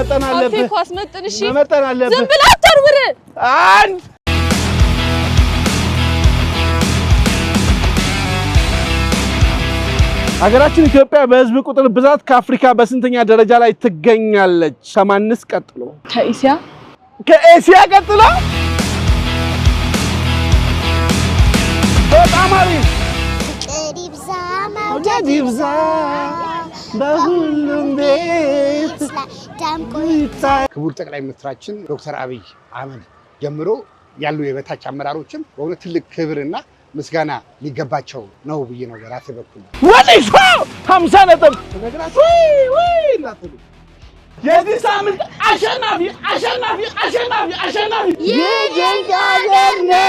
መጠን ሀገራችን ኢትዮጵያ በህዝብ ቁጥር ብዛት ከአፍሪካ በስንተኛ ደረጃ ላይ ትገኛለች? ከማንስ ቀጥሎ? ከእስያ ከእስያ ቀጥሎ በጣም አሪፍ መውደድ ይብዛ በሁሉም ቤት ደምቆ ይታይ። ክቡር ጠቅላይ ሚኒስትራችን ዶክተር አብይ አህመድ ጀምሮ ያሉ የበታች አመራሮችም በሆነ ትልቅ ክብርና ምስጋና ሊገባቸው ነው ብዬ ነው በራሴ በኩል ሀምሳ ነጥብ የዚህ ሳምንት አሸናፊ አሸናፊ አሸናፊ አሸናፊ ይህ ድንቅ ሀገር ነው።